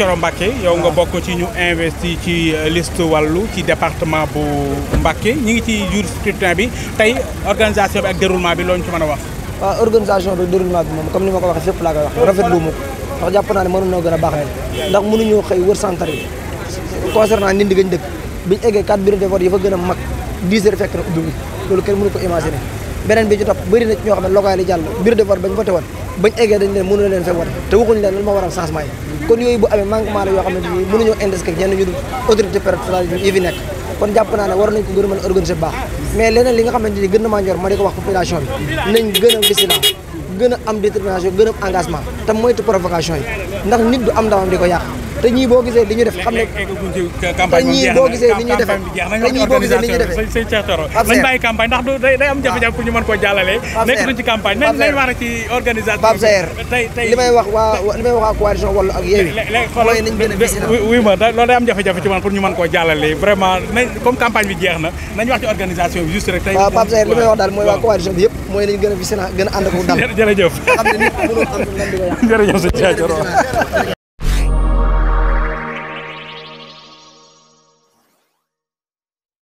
Thioro Mbacké yow nga bokk ci ñu investi ci euh, liste wàllu ci département bu Mbacké ñi ngi ci jour scrutin bi tey organisation bi ak déroulement bi loolu ñu ci mën a wax waaw organisation bi déroulement bi moom ni ma ko waxee fépp laa koy wax rafetlu mu ko ndax jàpp naa ne mënoon gën a baax leen ndax mënuñoo xëy wër centre yi concernant nit di gañ dëkk biñ eggee quatre bureaux de vote yi fa gën a mag 10 fekk na ubbi loolu kenn mënu ko imaginer beneen bi ci topp kon yooyu bu amee manquement la yoo xamante ni mënuñoo indescec ñenn ñu dul autorité préfectorale yi fi nekk kon jàpp naa ne war nañ ko gën a mën a organiser baax mais leneen li nga xamante ni gën na maa ma di ko wax population bi nañ gën a vigilant gën a am détermination gën a engagement te moytu provocation yi ndax nit du am ndamam di ko yàq te ñii boo gisee li ñu def xam ne te nekk duñ ci campagne a ci organisation wax waa li may wax waa coalition jafe-jafe ci man pour ñu mën koo jàllale vraiment nañ comme campagne bi jeex na nañ wax ci organisation bi juste rek tey waaw Pape li may wax daal mooy waa coalition bi yëpp mooy nañ gën a bis gën a ànd ak dal jërëjëf xam ne nit mënul am lan di ko yàq jërëjëf sëñ